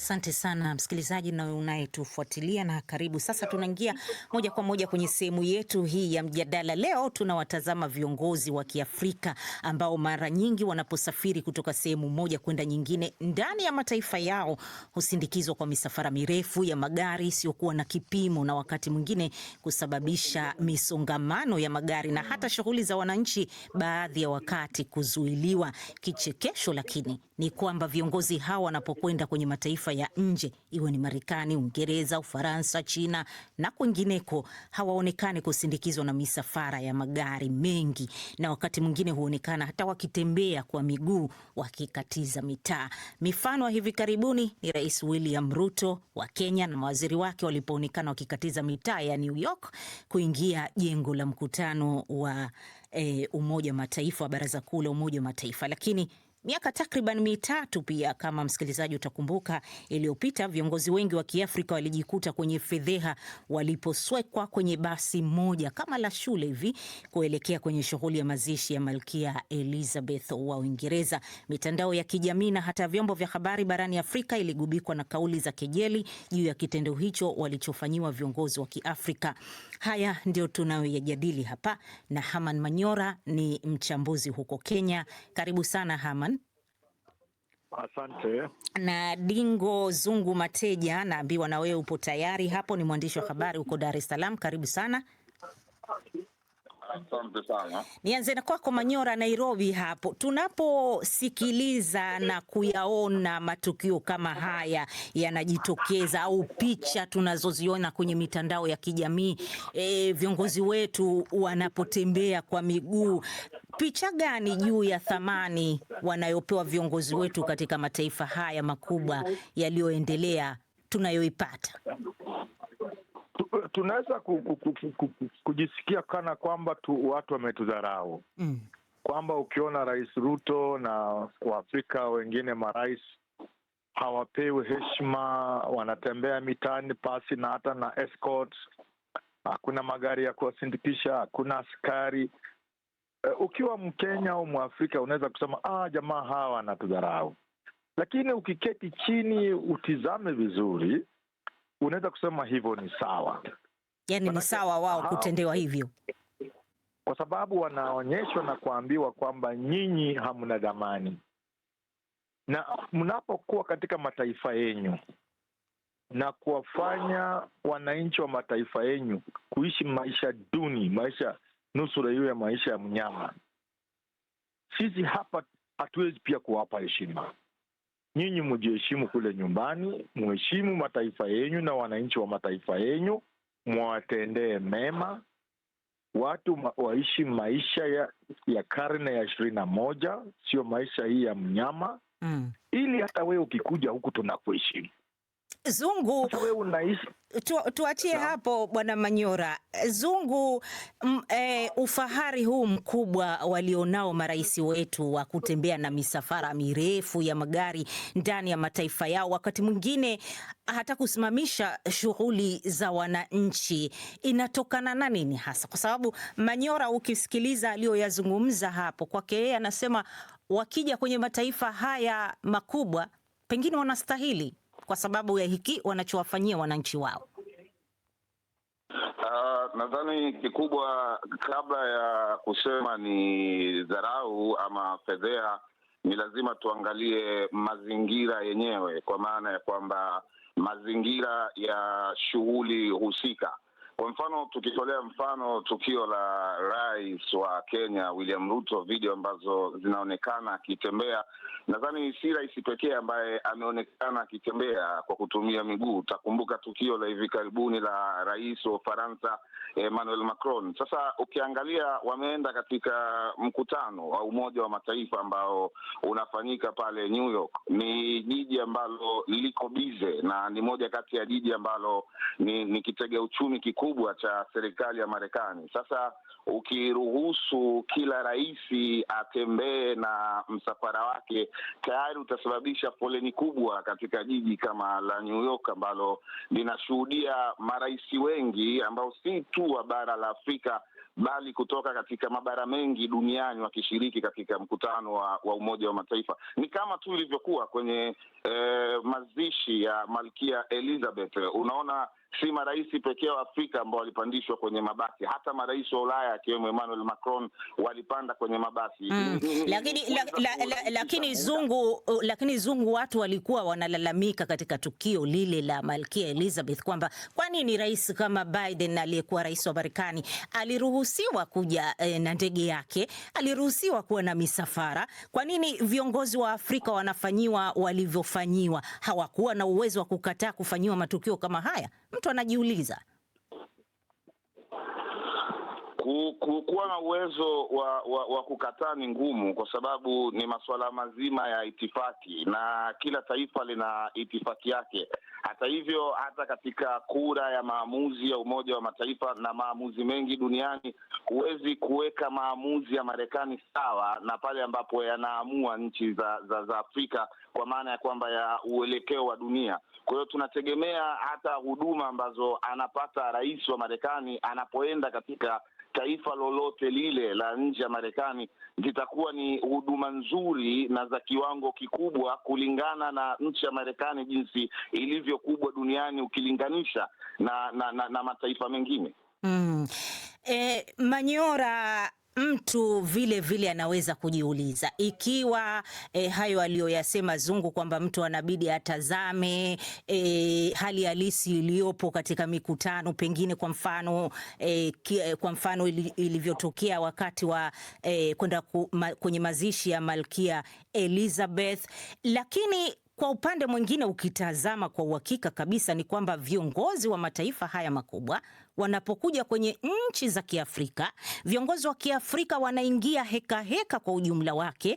Asante sana msikilizaji na unayetufuatilia na karibu. Sasa tunaingia moja kwa moja kwenye sehemu yetu hii ya mjadala. Leo tunawatazama viongozi wa Kiafrika ambao mara nyingi wanaposafiri kutoka sehemu moja kwenda nyingine ndani ya mataifa yao husindikizwa kwa misafara mirefu ya magari isiyokuwa na kipimo, na wakati mwingine kusababisha misongamano ya magari na hata shughuli za wananchi baadhi ya wakati kuzuiliwa. Kichekesho lakini ni kwamba viongozi hawa wanapokwenda kwenye mataifa ya nje, iwe ni Marekani, Uingereza, Ufaransa, China na kwingineko, hawaonekani kusindikizwa na misafara ya magari mengi, na wakati mwingine huonekana hata wakitembea kwa miguu wakikatiza mitaa. Mifano ya hivi karibuni ni Rais William Ruto wa Kenya na mawaziri wake walipoonekana wakikatiza mitaa ya New York kuingia jengo la mkutano wa e, Umoja wa Mataifa, wa Baraza Kuu la Umoja wa Mataifa, lakini Miaka takriban mitatu pia, kama msikilizaji utakumbuka, iliyopita viongozi wengi wa Kiafrika walijikuta kwenye fedheha waliposwekwa kwenye basi moja kama la shule hivi kuelekea kwenye shughuli ya mazishi ya Malkia Elizabeth wa Uingereza. Mitandao ya kijamii na hata vyombo vya habari barani Afrika iligubikwa na kauli za kejeli juu ya kitendo hicho walichofanyiwa viongozi wa Kiafrika. Haya ndio tunayoyajadili hapa, na Haman Manyora ni mchambuzi huko Kenya. Karibu sana Haman. Asante. Na Dingo Zungu Mateja, naambiwa na wewe upo tayari hapo, ni mwandishi wa habari huko Dar es Salaam. Karibu sana. Asante sana. Nianze na kwako Manyora, Nairobi hapo. Tunaposikiliza na kuyaona matukio kama haya yanajitokeza au picha tunazoziona kwenye mitandao ya kijamii e, viongozi wetu wanapotembea kwa miguu picha gani juu ya thamani wanayopewa viongozi wetu katika mataifa haya makubwa yaliyoendelea tunayoipata? Tunaweza kujisikia kana kwamba tu watu wametudharau mm, kwamba ukiona Rais Ruto na Waafrika wengine marais hawapewi heshima, wanatembea mitaani pasi na hata na escort, hakuna magari ya kuwasindikisha, hakuna askari Eh, ukiwa Mkenya au Mwafrika unaweza kusema ah, jamaa hawa anatudharau, lakini ukiketi chini utizame vizuri, unaweza kusema hivyo ni sawa, yani ni sawa wao kutendewa hivyo, kwa sababu wanaonyeshwa na kuambiwa kwamba nyinyi hamna dhamani, na mnapokuwa katika mataifa yenyu na kuwafanya wananchi wa mataifa yenyu kuishi maisha duni, maisha nusura hiyo ya maisha ya mnyama. Sisi hapa hatuwezi pia kuwapa heshima. Nyinyi mjiheshimu kule nyumbani, mheshimu mataifa yenyu na wananchi wa mataifa yenyu, mwatendee mema watu ma waishi maisha ya, ya karne ya ishirini na moja, sio maisha hii ya mnyama mm. ili hata wewe ukikuja huku tunakuheshimu. Zungu, tu, tuachie no. hapo Bwana Manyora Zungu m, e, ufahari huu mkubwa walionao marais wetu wa kutembea na misafara mirefu ya magari ndani ya mataifa yao, wakati mwingine hata kusimamisha shughuli za wananchi, inatokana na nini hasa? Kwa sababu Manyora, ukisikiliza aliyoyazungumza hapo kwake yeye, anasema wakija kwenye mataifa haya makubwa pengine wanastahili kwa sababu ya hiki wanachowafanyia wananchi wao? Uh, nadhani kikubwa kabla ya kusema ni dharau ama fedhea, ni lazima tuangalie mazingira yenyewe, kwa maana ya kwamba mazingira ya shughuli husika kwa mfano tukitolea mfano tukio la rais wa Kenya William Ruto, video ambazo zinaonekana akitembea, nadhani si rais pekee ambaye ameonekana akitembea kwa kutumia miguu. Utakumbuka tukio la hivi karibuni la rais wa Ufaransa Emmanuel Macron. Sasa ukiangalia, wameenda katika mkutano wa Umoja wa Mataifa ambao unafanyika pale New York. Ni jiji ambalo liko bize na ni moja kati ya jiji ambalo ni, ni kitega uchumi kikuu kikubwa cha serikali ya Marekani. Sasa ukiruhusu kila rais atembee na msafara wake, tayari utasababisha foleni kubwa katika jiji kama la New York ambalo linashuhudia marais wengi ambao si tu wa bara la Afrika bali kutoka katika mabara mengi duniani wakishiriki katika mkutano wa, wa Umoja wa Mataifa. Ni kama tu ilivyokuwa kwenye eh, mazishi ya Malkia Elizabeth. Unaona si marais pekee wa Afrika ambao walipandishwa kwenye mabasi, hata marais wa Ulaya akiwemo Emmanuel Macron walipanda kwenye mabasi mm. Lakini, la, la, la, lakini zungu lakini zungu, watu walikuwa wanalalamika katika tukio lile la Malkia Elizabeth kwamba kwa nini rais kama Biden aliyekuwa rais wa Marekani aliruhusiwa kuja eh, na ndege yake, aliruhusiwa kuwa na misafara, kwa nini viongozi wa Afrika wanafanyiwa walivyofanyiwa? Hawakuwa na uwezo wa kukataa kufanyiwa matukio kama haya? mtu anajiuliza kuwa na uwezo wa, wa, wa kukataa ni ngumu, kwa sababu ni masuala mazima ya itifaki na kila taifa lina itifaki yake. Hata hivyo, hata katika kura ya maamuzi ya Umoja wa Mataifa na maamuzi mengi duniani, huwezi kuweka maamuzi ya Marekani sawa na pale ambapo yanaamua nchi za, za, za Afrika kwa maana ya kwamba ya uelekeo wa dunia. Kwa hiyo tunategemea hata huduma ambazo anapata rais wa Marekani anapoenda katika taifa lolote lile la nje ya Marekani zitakuwa ni huduma nzuri na za kiwango kikubwa kulingana na nchi ya Marekani jinsi ilivyo kubwa duniani ukilinganisha na, na, na, na mataifa mengine. Mm. E, Manyora mtu vile vile anaweza kujiuliza ikiwa e, hayo aliyoyasema Zungu kwamba mtu anabidi atazame e, hali halisi iliyopo katika mikutano pengine kwa mfano e, kwa mfano ilivyotokea wakati wa e, kwenda ku, ma, kwenye mazishi ya Malkia Elizabeth, lakini kwa upande mwingine, ukitazama kwa uhakika kabisa ni kwamba viongozi wa mataifa haya makubwa wanapokuja kwenye nchi za Kiafrika, viongozi wa Kiafrika wanaingia heka heka kwa ujumla wake,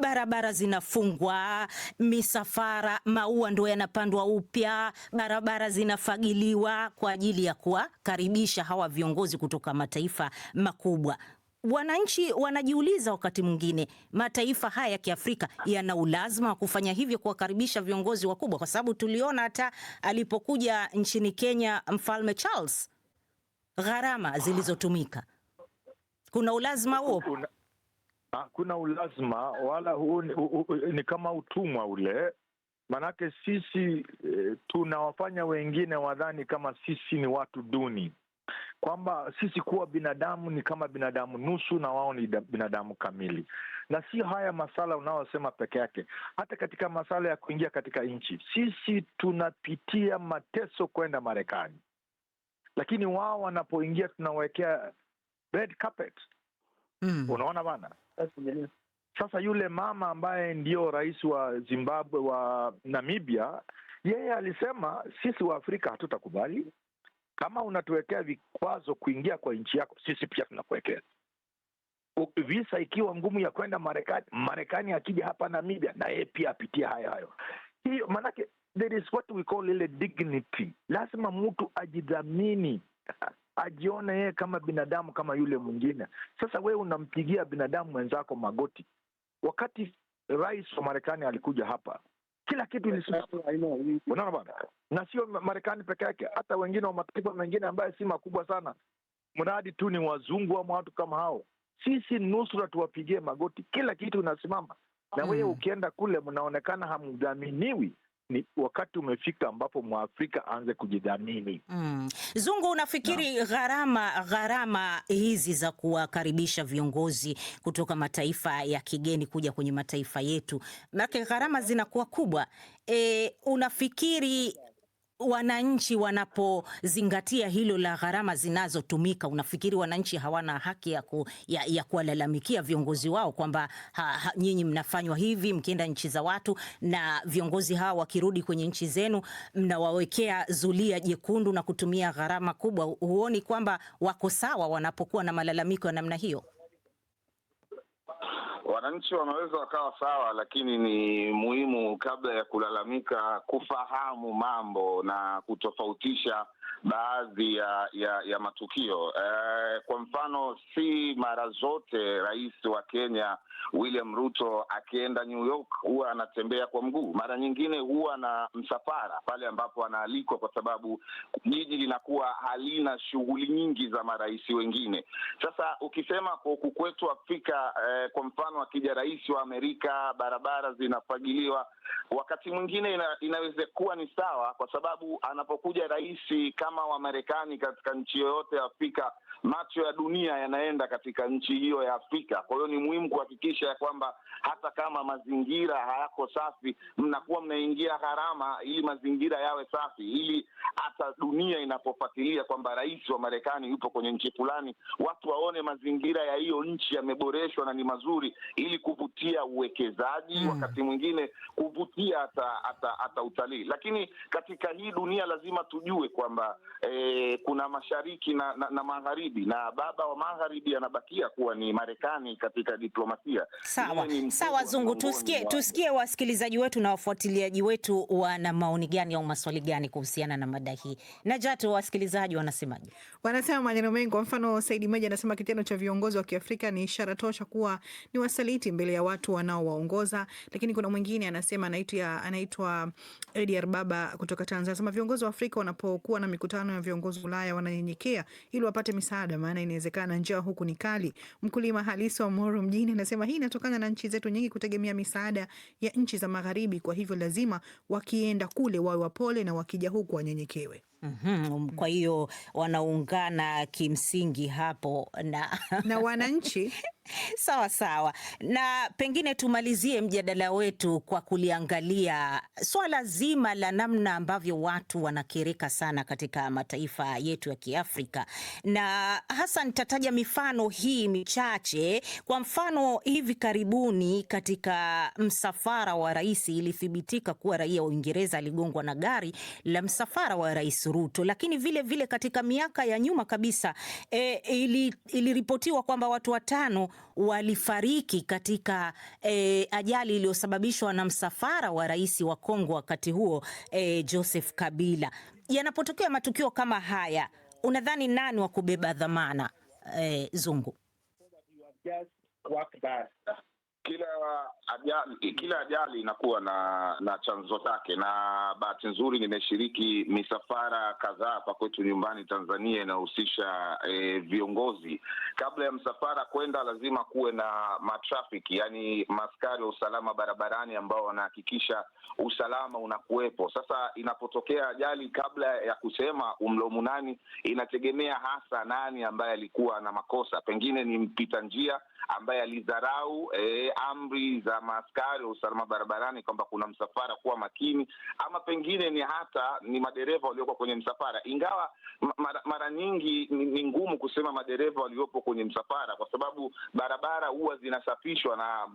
barabara zinafungwa, misafara, maua ndo yanapandwa upya, barabara zinafagiliwa kwa ajili ya kuwakaribisha hawa viongozi kutoka mataifa makubwa wananchi wanajiuliza wakati mwingine mataifa haya ya Kiafrika yana ulazima wa kufanya hivyo kuwakaribisha viongozi wakubwa? Kwa sababu tuliona hata alipokuja nchini Kenya Mfalme Charles, gharama zilizotumika. Kuna ulazima huo? Kuna ah, ulazima wala huu ni, ni kama utumwa ule, manake sisi eh, tunawafanya wengine wadhani kama sisi ni watu duni kwamba sisi kuwa binadamu ni kama binadamu nusu na wao ni binadamu kamili, na sio haya masala unaosema peke yake. Hata katika masala ya kuingia katika nchi, sisi tunapitia mateso kwenda Marekani, lakini wao wanapoingia tunawekea red carpet. Mm. Unaona bana, sasa yule mama ambaye ndio rais wa Zimbabwe wa Namibia, yeye alisema sisi wa Afrika hatutakubali kama unatuwekea vikwazo kuingia kwa nchi yako, sisi pia tunakuwekea visa. Ikiwa ngumu ya kwenda Marekani, Marekani akija hapa Namibia na yeye pia apitia hayo hayo. Hiyo maanake there is what we call ile dignity. Lazima mtu ajidhamini ajione yeye kama binadamu kama yule mwingine. Sasa wewe unampigia binadamu mwenzako magoti. Wakati rais wa Marekani alikuja hapa kila kitu Unaona bwana, na sio Marekani peke yake, hata wengine wa mataifa mengine ambayo si makubwa sana, mradi tu ni wazungu ama watu kama hao. Sisi nusura tuwapigie magoti, kila kitu inasimama na mm. Wewe ukienda kule mnaonekana hamdhaminiwi ni wakati umefika ambapo Mwafrika aanze kujidhamini. Mm. Zungu, unafikiri no. gharama gharama hizi za kuwakaribisha viongozi kutoka mataifa ya kigeni kuja kwenye mataifa yetu, manake gharama zinakuwa kubwa. E, unafikiri wananchi wanapozingatia hilo la gharama zinazotumika, unafikiri wananchi hawana haki ya, ku, ya, ya kuwalalamikia viongozi wao kwamba nyinyi mnafanywa hivi mkienda nchi za watu, na viongozi hawa wakirudi kwenye nchi zenu mnawawekea zulia jekundu na kutumia gharama kubwa? Huoni kwamba wako sawa wanapokuwa na malalamiko ya namna hiyo? wananchi wanaweza wakawa sawa, lakini ni muhimu kabla ya kulalamika kufahamu mambo na kutofautisha baadhi ya ya, ya matukio. E, kwa mfano si mara zote rais wa Kenya William Ruto akienda New York huwa anatembea kwa mguu, mara nyingine huwa na msafara pale ambapo anaalikwa, kwa sababu jiji linakuwa halina shughuli nyingi za marais wengine. Sasa ukisema kwa huku kwetu Afrika eh, kwa mfano akija rais wa Amerika barabara zinafagiliwa, wakati mwingine ina, inaweza kuwa ni sawa, kwa sababu anapokuja rais kama wa Marekani katika nchi yoyote ya Afrika, macho ya dunia yanaenda katika nchi hiyo ya Afrika. Kwa hiyo ni muhimu kuhakikisha kuhakikisha ya kwamba hata kama mazingira hayako safi, mnakuwa mnaingia gharama ili mazingira yawe safi, ili hata dunia inapofuatilia kwamba rais wa Marekani yupo kwenye nchi fulani, watu waone mazingira ya hiyo nchi yameboreshwa na ni mazuri, ili kuvutia uwekezaji mm. Wakati mwingine kuvutia hata hata utalii, lakini katika hii dunia lazima tujue kwamba eh, kuna mashariki na, na, na magharibi na baba wa magharibi anabakia kuwa ni Marekani katika diplomasia kuingia. Sawa sawa, Zungu, tusikie tusikie wasikilizaji wetu na wafuatiliaji wetu wana maoni gani au maswali gani kuhusiana na mada hii. Najato, wasikilizaji wanasemaje? Wanasema maneno mengi. Kwa mfano, Saidi Meja anasema kitendo cha viongozi wa Kiafrika ni ishara tosha kuwa ni wasaliti mbele ya watu wanaowaongoza. Lakini kuna mwingine anasema, anaitwa anaitwa Edgar Baba kutoka Tanzania, anasema viongozi wa Afrika wanapokuwa na mikutano ya viongozi Ulaya wananyenyekea ili wapate misaada, maana inawezekana njia huku ni kali. Mkulima halisi wa Moro mjini anasema hii inatokana na nchi zetu nyingi kutegemea misaada ya nchi za magharibi. Kwa hivyo lazima wakienda kule wawe wapole na wakija huku wanyenyekewe. Mm -hmm. Kwa hiyo wanaungana kimsingi hapo na, na wananchi sawa sawa, na pengine tumalizie mjadala wetu kwa kuliangalia swala zima la namna ambavyo watu wanakereka sana katika mataifa yetu ya Kiafrika, na hasa nitataja mifano hii michache. Kwa mfano, hivi karibuni katika msafara wa rais ilithibitika kuwa raia wa Uingereza aligongwa na gari la msafara wa rais Ruto, lakini vile vile katika miaka ya nyuma kabisa e, ili, iliripotiwa kwamba watu watano walifariki katika e, ajali iliyosababishwa na msafara wa rais wa Kongo wakati huo e, Joseph Kabila. Yanapotokea matukio kama haya, unadhani nani wa kubeba dhamana e, Zungu? Kila ajali kila ajali inakuwa na na chanzo zake, na bahati nzuri nimeshiriki misafara kadhaa hapa kwetu nyumbani Tanzania inayohusisha e, viongozi. Kabla ya msafara kwenda, lazima kuwe na matrafiki, yani maaskari wa usalama barabarani ambao wanahakikisha usalama unakuwepo. Sasa inapotokea ajali, kabla ya kusema umlomu nani, inategemea hasa nani ambaye alikuwa na makosa. Pengine ni mpita njia ambaye alidharau e, eh, amri za maaskari wa usalama barabarani kwamba kuna msafara kuwa makini, ama pengine ni hata ni madereva waliokuwa kwenye msafara, ingawa mara, mara nyingi ni ngumu kusema madereva waliopo kwenye msafara, kwa sababu barabara huwa zinasafishwa na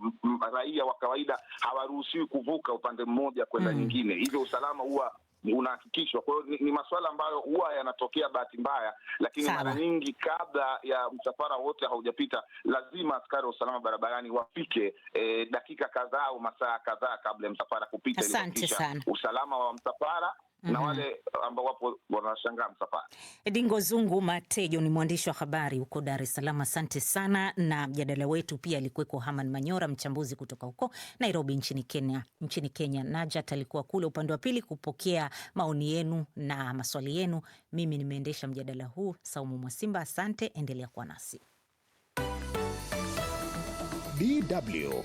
raia wa kawaida hawaruhusiwi kuvuka upande mmoja kwenda mm, nyingine, hivyo usalama huwa unahakikishwa. Kwa hiyo ni, ni masuala ambayo huwa yanatokea bahati mbaya, lakini mara nyingi kabla ya msafara wote haujapita lazima askari wa usalama barabarani wafike eh, dakika kadhaa au masaa kadhaa kabla ya msafara kupita, ili kuhakikisha usalama wa msafara -hmm. na mhm. wale ambao wapo wanashangaa msafara. Dingo Zungu Matejo ni mwandishi wa habari huko Dar es Salaam, asante sana. Na mjadala wetu pia alikuweko Haman Manyora, mchambuzi kutoka huko Nairobi nchini Kenya. Nchini Kenya Najat alikuwa kule upande wa pili kupokea maoni yenu na maswali yenu. Mimi nimeendesha mjadala huu, Saumu Mwasimba, asante. Endelea kuwa nasi DW